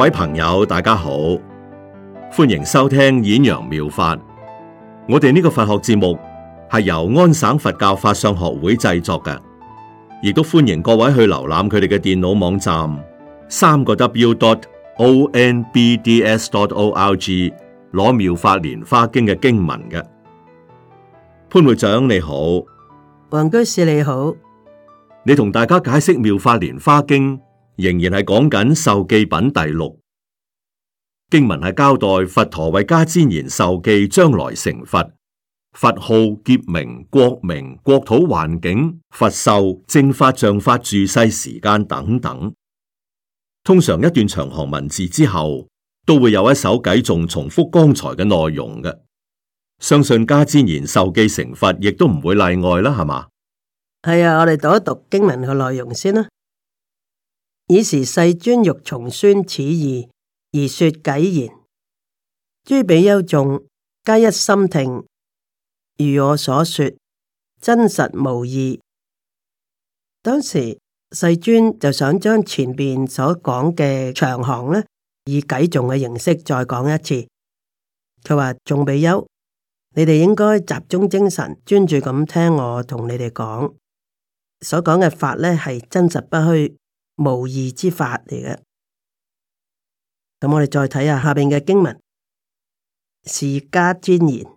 各位朋友，大家好，歡迎收聽《演揚妙，妙法》。我哋呢個佛學節目係由安省佛教法相學會製作嘅，亦都歡迎各位去瀏覽佢哋嘅電腦網站，三個 W dot O N B D S dot O R G 攞妙法蓮花經嘅經文嘅。潘會長你好，黃居士你好，你同大家解釋妙法蓮花經。仍然係講緊授記品第六，經文係交代佛陀為迦旃延授記將來成佛，佛號、劫名、國名、國土環境、佛壽、正法像法住世時間等等。通常一段長行文字之後，都會有一首偈，仲重複剛才嘅內容嘅，相信迦旃延授記成佛，亦都唔會例外啦，係嘛？係啊，我哋讀一讀經文嘅內容先啦。以時世尊欲重宣此義而說偈言：諸比丘眾皆一心聽，如我所說，真實無異。當時世尊就想將前面所講嘅長行呢，以偈頌嘅形式再講一次。佢話：眾比丘，你哋應該集中精神，專注咁聽我同你哋講，所講嘅法呢係真實不虛。無異之法嚟嘅，咁我哋再睇下下邊嘅經文。是迦旃延，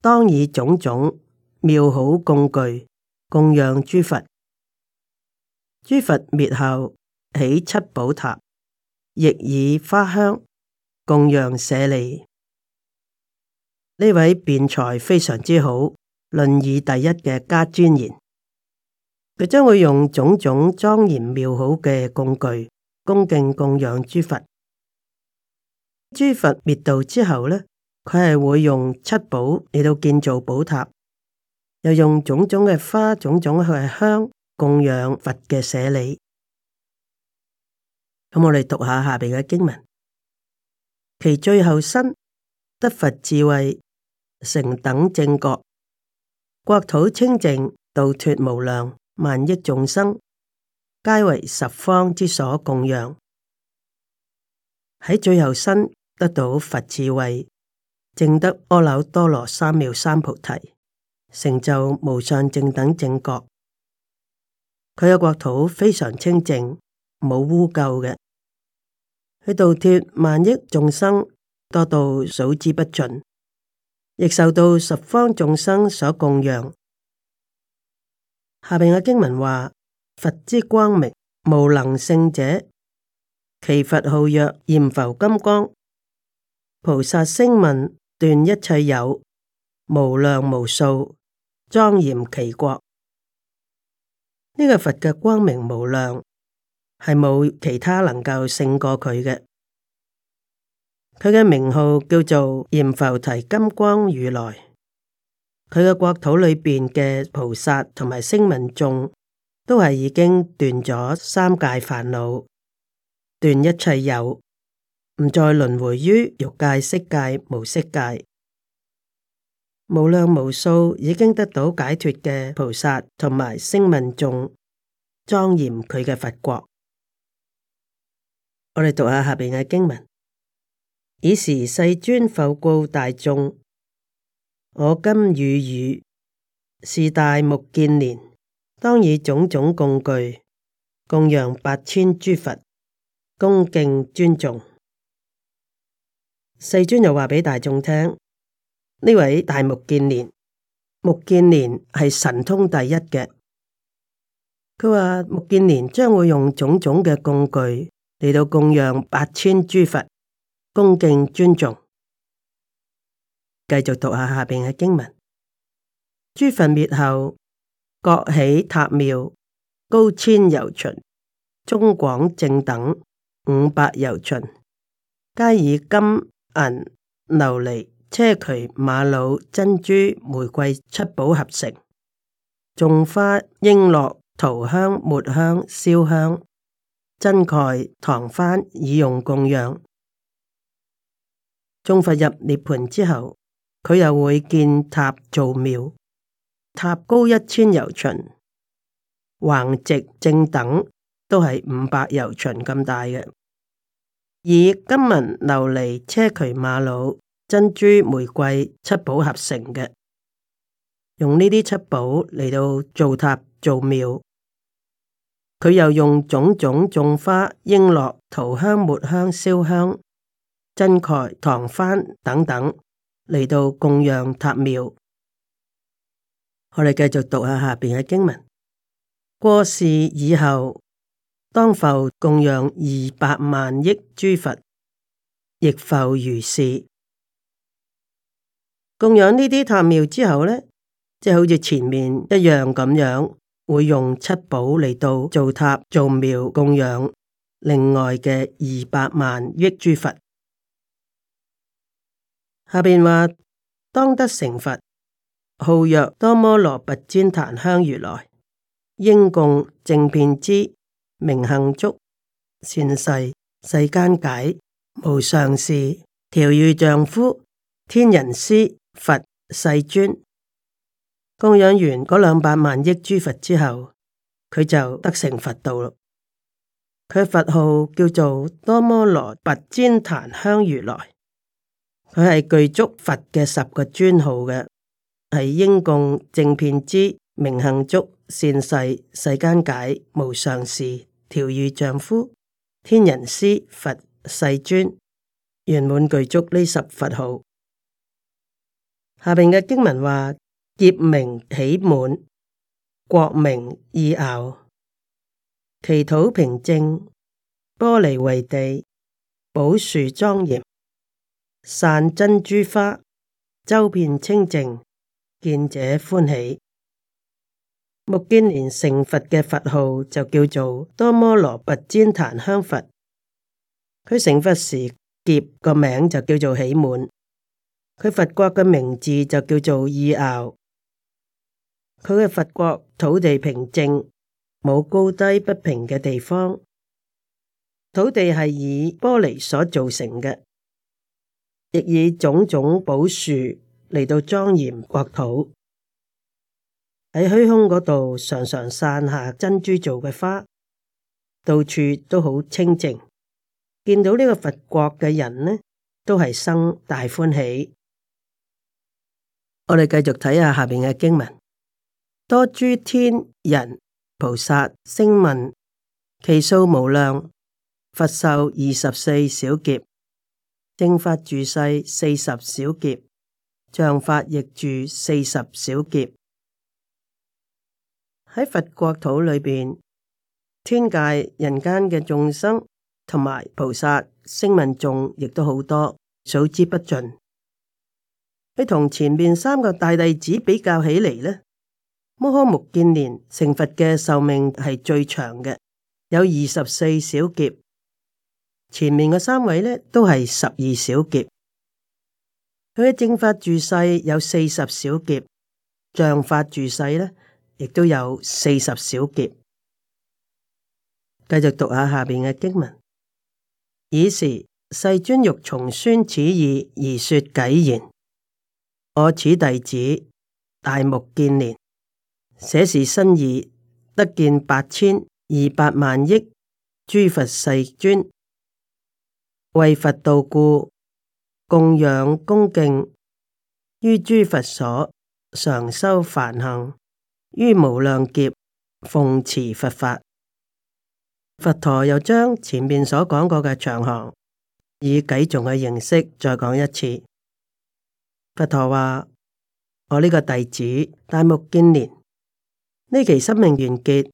當以種種妙好供具供養諸佛，諸佛滅後起七寶塔，亦以花香供養舍利。呢位辯才非常之好，論義第一嘅迦旃延。佢將會用種種莊嚴妙好嘅工具恭敬供養諸佛，諸佛滅度之後呢，佢係會用七寶嚟到建造寶塔，又用種種嘅花、種種去香供養佛嘅舍利。咁我哋讀一下下面嘅經文，其最後身得佛智慧成等正覺，國土清淨，道脫無量。萬億眾生皆為十方之所供養，喺最後身得到佛智慧，證得阿耨多羅三藐三菩提，成就無上正等正覺。佢嘅國土非常清淨，冇污垢嘅，佢度脫萬億眾生多到數之不盡，亦受到十方眾生所供養。下面嘅經文話：佛之光明無能勝者，其佛號曰閻浮金光菩薩聲。聲聞斷一切有無量無數莊嚴其國。呢、這個佛嘅光明無量，係冇其他能夠勝過佢嘅。佢嘅名號叫做閻浮提金光如來。佢嘅國土裏面嘅菩薩同埋聲聞眾，都係已經斷咗三界煩惱，斷一切有，唔再輪迴於欲界、色界、無色界。無量無數已經得到解脫嘅菩薩同埋聲聞眾，莊嚴佢嘅佛國。我哋讀下下面嘅經文，爾時世尊，複告大眾。我今語汝是大目犍連，當以種種供具供養八千諸佛，恭敬尊重。世尊又話俾大眾聽：呢位大目犍連，目犍連係神通第一嘅。佢話目犍連將會用種種嘅供具嚟到供養八千諸佛，恭敬尊重。繼續讀下下邊嘅經文：諸墳滅後，各起塔廟，高千由旬，中廣正等五百由旬，皆以金銀琉璃硨磲瑪瑙珍珠玫瑰七寶合成，種花瓔珞、塗香、末香、燒香、真蓋、幢幡以用供養。眾佛入涅槃之後。佢又會建塔造廟，塔高一千由旬，橫直正等都係五百由旬咁大嘅，以金文琉璃車渠瑪瑙珍珠玫瑰七寶合成嘅，用呢啲七寶嚟到造塔造廟，佢又用種種種種花瓔珞、塗香、末香、燒香、繒蓋、幢幡等等。嚟到供養塔廟，我哋繼續讀下下面嘅經文。過世以後，當復供養二百萬億諸佛，亦復如是，供養呢啲塔廟之後呢，即好似前面一樣咁樣，會用七寶嚟到造塔造、造廟供養另外嘅二百萬億諸佛。下面話，當得成佛號曰多摩羅跋栴檀香如來，應供正遍知明行足善逝，世間解無上士調御丈夫天人師佛世尊。供養完嗰兩百萬億諸佛之後，佢就得成佛道咯。佢佛號叫做多摩羅跋栴檀香如來。佢係具足佛嘅十個尊號嘅，係應供、正遍知、明行足、善世、世間解、無上士，調御丈夫、天人師、佛世尊，圓滿具足呢十佛號。下面嘅經文話：劫名喜滿，國名意樂，其土平正，玻璃為地，寶樹莊嚴。散珍珠花，周遍清淨，見者歡喜。目犍連成佛嘅佛號就叫做多摩羅跋栴檀香佛。佢成佛時劫個名就叫做喜滿。佢佛國嘅名字就叫做意樂。佢嘅佛國土地平正，冇高低不平嘅地方。土地係以玻璃所造成嘅。亦以種種寶樹嚟到莊嚴國土，喺虛空嗰度常常散下珍珠做嘅花，到處都好清淨。見到呢個佛國嘅人呢，都係生大歡喜。我哋繼續睇下下面嘅經文：多諸天人菩薩聲聞，其數無量，佛壽二十四小劫。正法住世四十小劫，像法亦住四十小劫。喺佛國土裏邊，天界、人間嘅眾生同埋菩薩聲聞眾亦都好多，數之不盡。佢同前面三個大弟子比較起嚟呢，摩訶目犍連成佛嘅壽命係最長嘅，有二十四小劫。前面嘅三位呢，都係十二小劫；佢嘅正法住世有四十小劫，像法住世呢，亦都有四十小劫。繼續讀下下面嘅經文。爾時世尊欲從宣此意而說偈言：我此弟子大目犍連，捨是身已，得見八千二百萬億諸佛世尊。為佛道故，供養恭敬於諸佛所，常修梵行於無量劫，奉持佛法。佛陀又將前面所講過嘅長行以偈頌嘅形式再講一次。佛陀話：我呢個弟子大目犍連，呢期生命完結，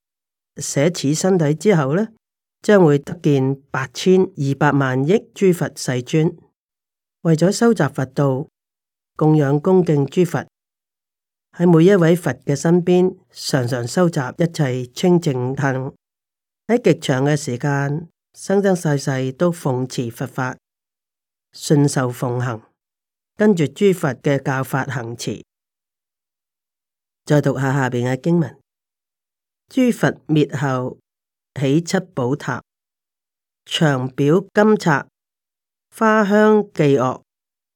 捨此身體之後呢。」將會得見八千二百萬億諸佛世尊，為咗收集佛道，供養恭敬諸佛，喺每一位佛嘅身邊，常常收集一切清淨行，喺極長嘅時間，生生世世都奉持佛法，信受奉行，跟住諸佛嘅教法行持。再讀下下邊嘅經文，諸佛滅後。起七寶塔，長表金剎，花香伎樂，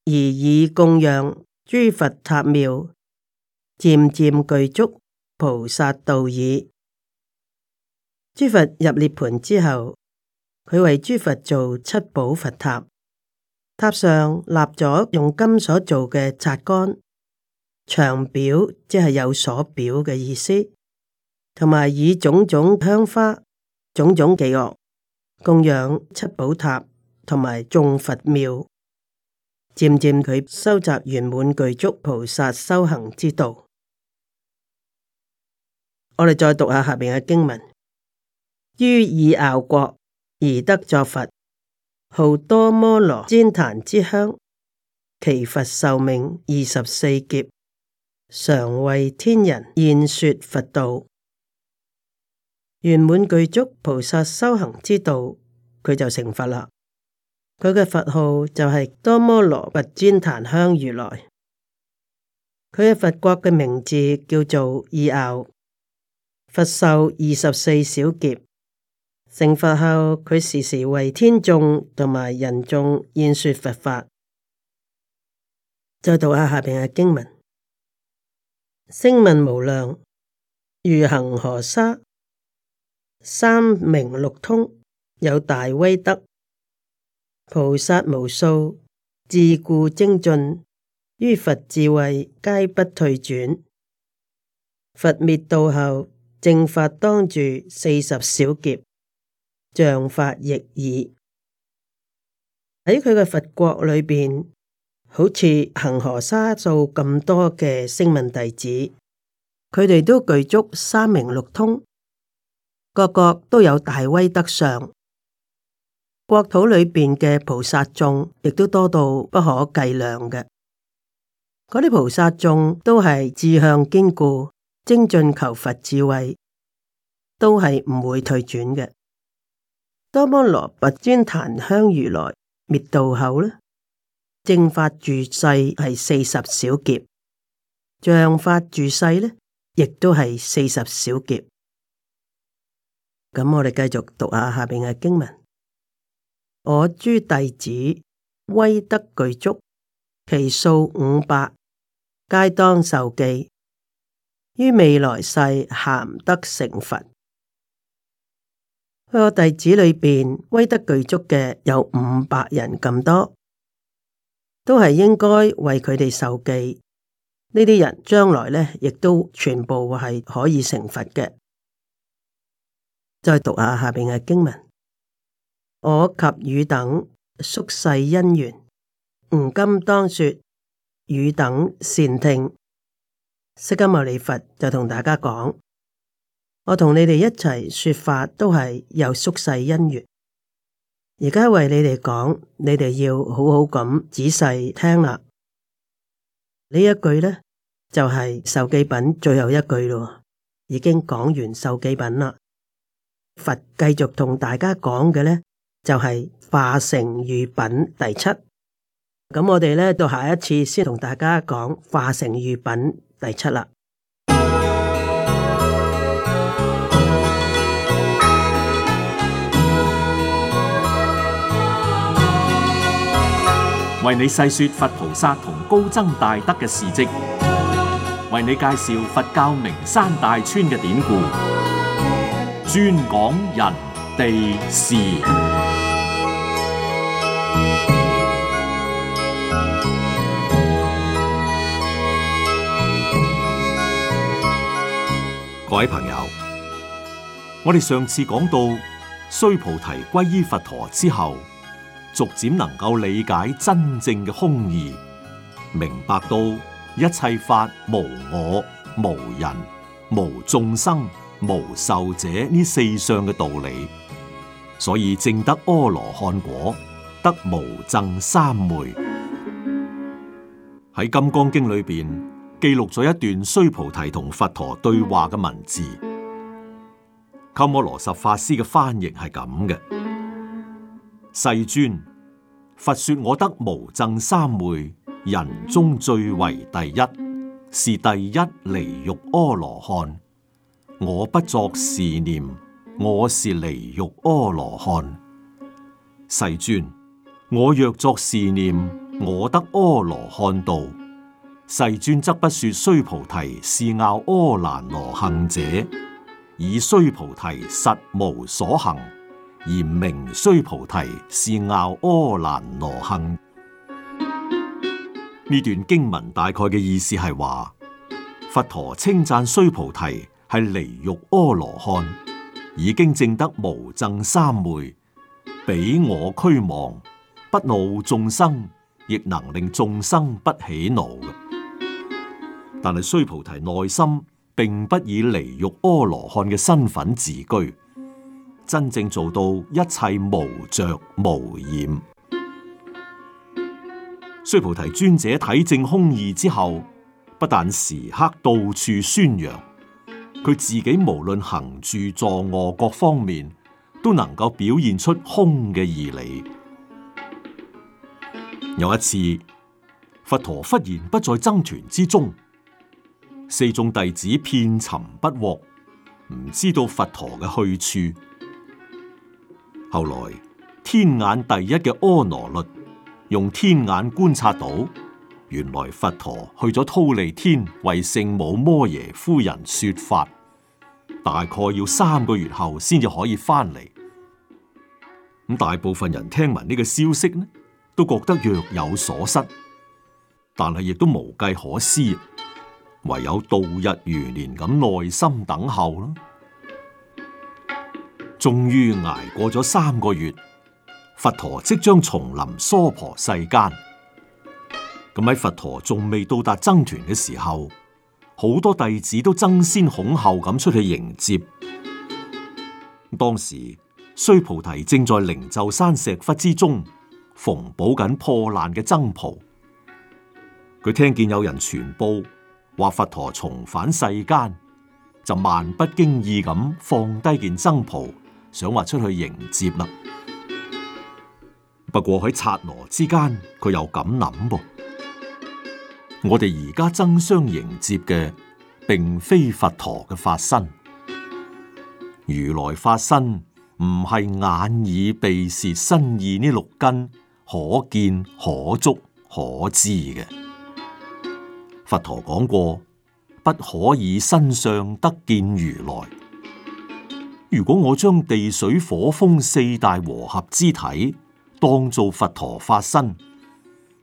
而以供養諸佛塔廟，漸漸具足菩薩道矣。諸佛入涅盤之後，佢為諸佛做七寶佛塔，塔上立咗用金所做嘅剎竿，長表即係有所表嘅意思，同埋以種種香花。種種伎樂供養七寶塔同埋眾佛廟，漸漸佢收集圓滿具足菩薩修行之道。我哋再讀下下面嘅經文：於意樂國而得作佛，號多摩羅栴檀之香，其佛壽命二十四劫，常為天人演說佛道。圓滿具足菩薩修行之道，佢就成佛啦。佢嘅佛號就係多摩羅跋栴檀香如來。佢嘅佛國嘅名字叫做意奧。佛壽二十四小劫成佛後，佢時時為天眾同埋人眾演說佛法。再讀下下面嘅經文：聲聞無量，如恒河沙。三明六通，有大威德，菩薩無數，自固精進，於佛智慧皆不退轉。佛滅度後，正法當住四十小劫，像法亦爾。喺佢嘅佛國裏邊，好似恒河沙數咁多嘅聲聞弟子，佢哋都具足三明六通。各國都有大威德相，國土裏面嘅菩薩眾，亦都多到不可計量嘅。嗰啲菩薩眾都係志向堅固，精進求佛智慧，都係唔會退轉嘅。多摩羅跋尊檀香如來滅度後呢，正法住世係四十小劫，像法住世呢，亦都係四十小劫。咁我哋繼續讀下下面嘅經文。我諸弟子威德具足，其數五百，皆當受記，於未來世咸得成佛。我弟子裏邊威德具足嘅有五百人咁多，都係應該為佢哋受記。呢啲人將來呢，亦都全部係可以成佛嘅。再讀下下面嘅經文，我及汝等宿世因緣，吾今當說，汝等善聽。釋迦牟尼佛就同大家講：我同你哋一齊說法，都係有宿世因緣。而家為你哋講，你哋要好好咁仔細聽啦。呢一句呢，就係、是、授記品最後一句咯，已經講完授記品啦。佛繼續同大家講嘅呢，就是，就係化城喻品第七。咁我哋呢，到下一次先同大家講化城喻品第七啦。為你細說佛菩薩同高僧大德嘅事跡，為你介紹佛教名山大川嘅典故。專講人地事，各位朋友，我哋上次講到，須菩提歸依佛陀之後，逐漸能夠理解真正嘅空義，明白到一切法無我、無人、無眾生。無受者呢四相嘅道理，所以證得阿羅漢果，得無諍三昧。喺《金剛經》裏邊記錄咗一段須菩提同佛陀對話嘅文字。鳩摩羅什法師嘅翻譯係咁嘅：世尊，佛說我得無諍三昧，人中最為第一，是第一離欲阿羅漢。我不作是念，我是離欲阿羅漢。世尊，我若作是念，我得阿羅漢道。世尊則不說須菩提是樂阿蘭羅行者，以須菩提實無所行，而名須菩提是樂阿蘭羅行。呢段經文大概嘅意思係話，佛陀稱讚須菩提。係離欲阿羅漢，已經證得無諍三昧，彼我俱亡，不怒眾生，亦能令眾生不起怒嘅。但係須菩提內心，並不以離欲阿羅漢嘅身份自居，真正做到一切無着無染。須菩提尊者體證空義之後，不但時刻到處宣揚。佢自己無論行住坐臥各方面都能夠表現出空嘅義理。有一次，佛陀忽然不在僧團之中，四眾弟子遍尋不獲，唔知道佛陀嘅去處。後來天眼第一嘅阿羅律用天眼觀察到。原來佛陀去咗忉利天為聖母摩耶夫人說法，大概要三個月後先至可以翻嚟。咁大部分人聽聞呢個消息呢，都覺得若有所失，但係亦都無計可施，唯有度日如年咁耐心等候啦。終於挨過咗三個月，佛陀即將重臨娑婆世間。咁喺佛陀仲未到達僧團嘅時候，好多弟子都爭先恐後咁出去迎接。當時須菩提正在靈鷲山石窟之中縫補緊破爛嘅僧袍，佢聽見有人傳報話佛陀重返世間，就漫不經意咁放低件僧袍，想話出去迎接啦。不過喺剎那之間，佢又咁諗噃。我哋而家爭相迎接嘅，並非佛陀嘅化身。如來化身唔係眼耳鼻舌身意呢六根可見、可觸可知嘅。佛陀講過，不可以身相得見如來。如果我將地水火風四大和合之體當做佛陀化身，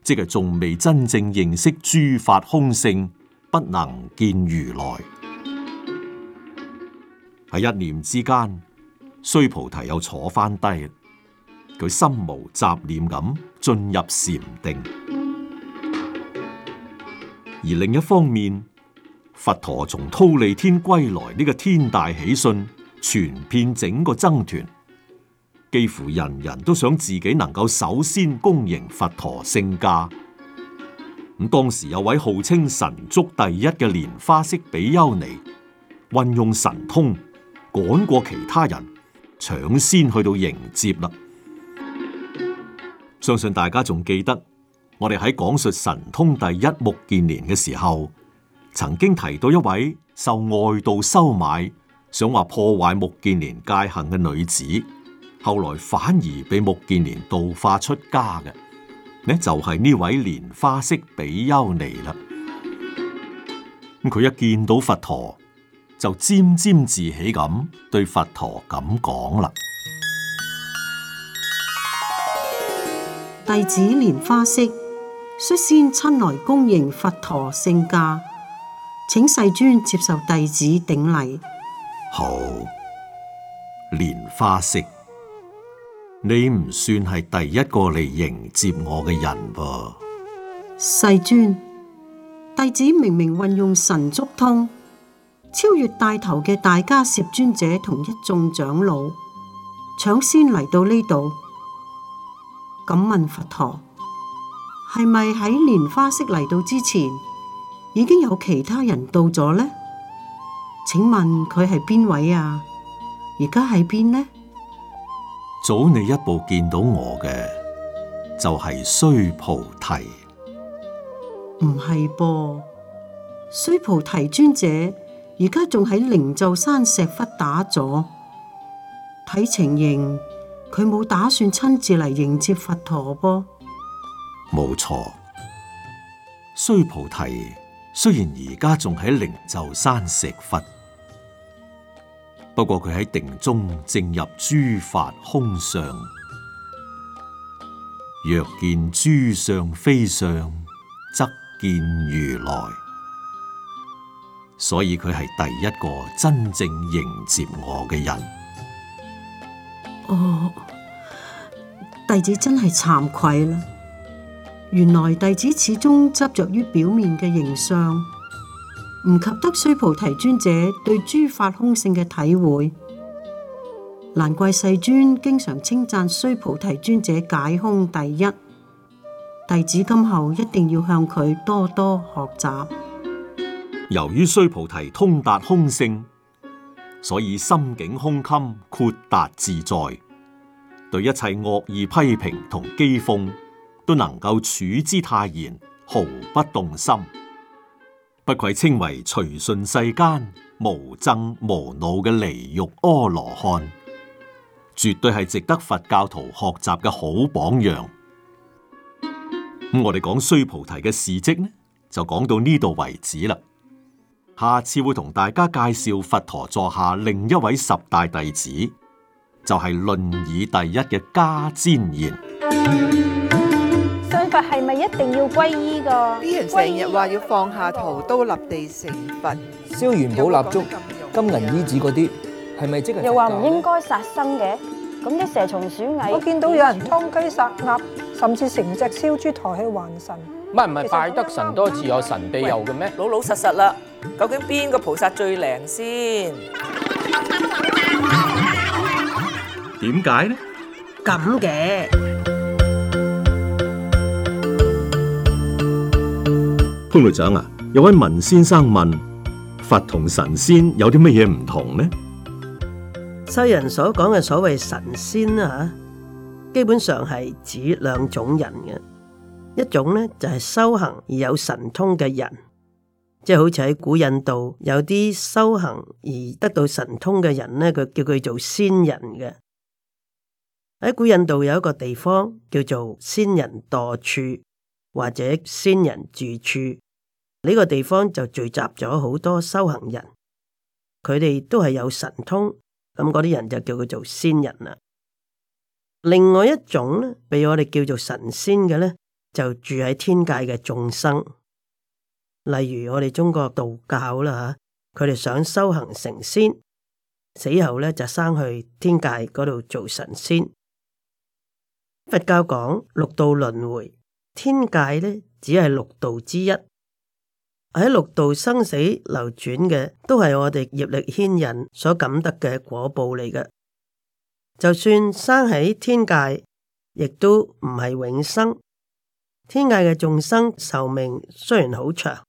即係仲未真正認識諸法空性，不能見如來。喺一念之間，須菩提又坐翻低，佢心無雜念咁進入禪定。而另一方面，佛陀從忉利天歸來呢個天大喜訊，傳遍整個僧團。幾乎人人都想自己能夠首先恭迎佛陀聖駕。咁當時有位號稱神足第一嘅蓮花色比丘尼，運用神通趕過其他人，搶先去到迎接啦。相信大家仲記得，我哋喺講述神通第一穆建連嘅時候，曾經提到一位受外道收買，想話破壞穆建連戒行嘅女子。後來反而被目犍連度化出家嘅，呢就係、是、呢位蓮花色比丘尼啦。咁佢一見到佛陀，就沾沾自喜咁對佛陀咁講啦：弟子蓮花色率先親來恭迎佛陀聖駕，請世尊接受弟子頂禮。好，蓮花色。你唔算係第一個嚟迎接我嘅人噃。啊，世尊，弟子明明運用神足通，超越帶頭嘅大迦葉尊者同一眾長老，搶先嚟到呢度。敢問佛陀，係咪喺蓮花色嚟到之前，已經有其他人到咗呢？請問佢係邊位啊？而家喺邊呢？早你一步見到我嘅，就係、是、須菩提。唔係噃？須菩提尊者而家仲喺靈鷲山石窟打坐。睇情形佢冇打算親自嚟迎接佛陀噃。冇錯，須菩提雖然而家仲喺靈鷲山石窟。不過佢喺定中正入諸法空相，若見諸相非相，則見如來。所以佢係第一個真正迎接我嘅人。哦，弟子真係慚愧啦！原來弟子始終執着於表面嘅形象。唔及得須菩提尊者對諸法空性嘅體會，難怪世尊經常稱讚須菩提尊者解空第一。弟子今後一定要向佢多多學習。由於須菩提通達空性，所以心境胸襟豁達自在，對一切惡意批評同譏諷都能夠處之泰然，毫不動心。不愧稱為隨順世間無憎無惱嘅離欲阿羅漢，絕對係值得佛教徒學習嘅好榜樣。咁我哋講須菩提嘅事蹟呢，就講到呢度為止啦。下次會同大家介紹佛陀座下另一位十大弟子，就係、是、論議第一嘅迦旃延。係咪一定要皈依噶？成日話要放下屠刀立地成佛，燒元寶蠟燭，金銀衣紙嗰啲，係咪即係？又話唔應該殺生嘅，咁啲蛇蟲鼠蟻，我見到有人劏雞殺鴨，甚至成隻燒豬抬去還神。唔係唔係，拜得神多自有神庇佑嘅咩？老老實實啦，究竟邊個菩薩最靈先？點解呢？咁嘅。潘局長啊，有位文先生問：佛同神仙有啲乜嘢唔同呢？世人所講嘅所謂神仙啊，基本上係指兩種人嘅，一種呢就係修行而有神通嘅人，即係好似喺古印度有啲修行而得到神通嘅人呢，佢叫佢做仙人嘅。喺古印度有一個地方叫做仙人墮處。或者仙人住處呢個地方就聚集咗好多修行人，佢哋都係有神通，咁嗰啲人就叫佢做仙人啦。另外一種呢，被我哋叫做神仙嘅，呢，就住喺天界嘅眾生，例如我哋中國道教啦吓，佢哋想修行成仙，死後呢就生去天界嗰度做神仙。佛教講六道輪迴。天界呢，只係六道之一，喺六道生死流轉嘅都係我哋業力牽引所感得嘅果報嚟嘅。就算生喺天界，亦都唔係永生。天界嘅眾生壽命雖然好長，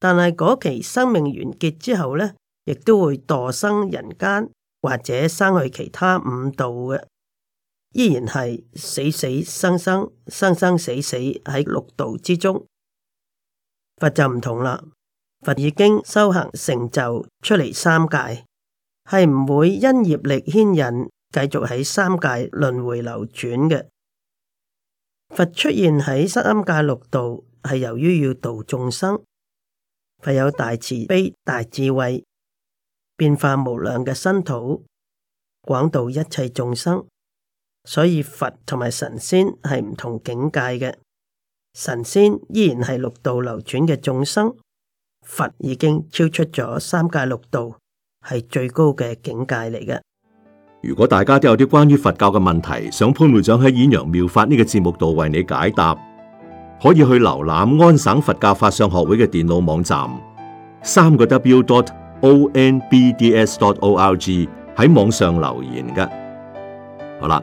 但係嗰期生命完結之後呢，亦都會墮生人間或者生去其他五道嘅。依然係死死生生、生生死死喺六道之中，佛就唔同啦。佛已經修行成就出嚟三界，係唔會因業力牽引繼續喺三界輪回流轉嘅。佛出現喺三界六道，係由於要度眾生，佛有大慈悲、大智慧，變化無量嘅身土，廣度一切眾生。所以佛同埋神仙係唔同境界嘅，神仙依然係六道流轉嘅眾生，佛已經超出咗三界六道，係最高嘅境界嚟嘅。如果大家都有啲關於佛教嘅問題，想潘會長喺《演揚妙法》呢個節目度為你解答，可以去瀏覽安省佛教法上學會嘅電腦網站，三個 W dot O N B D S dot O R G 喺網上留言嘅。好啦。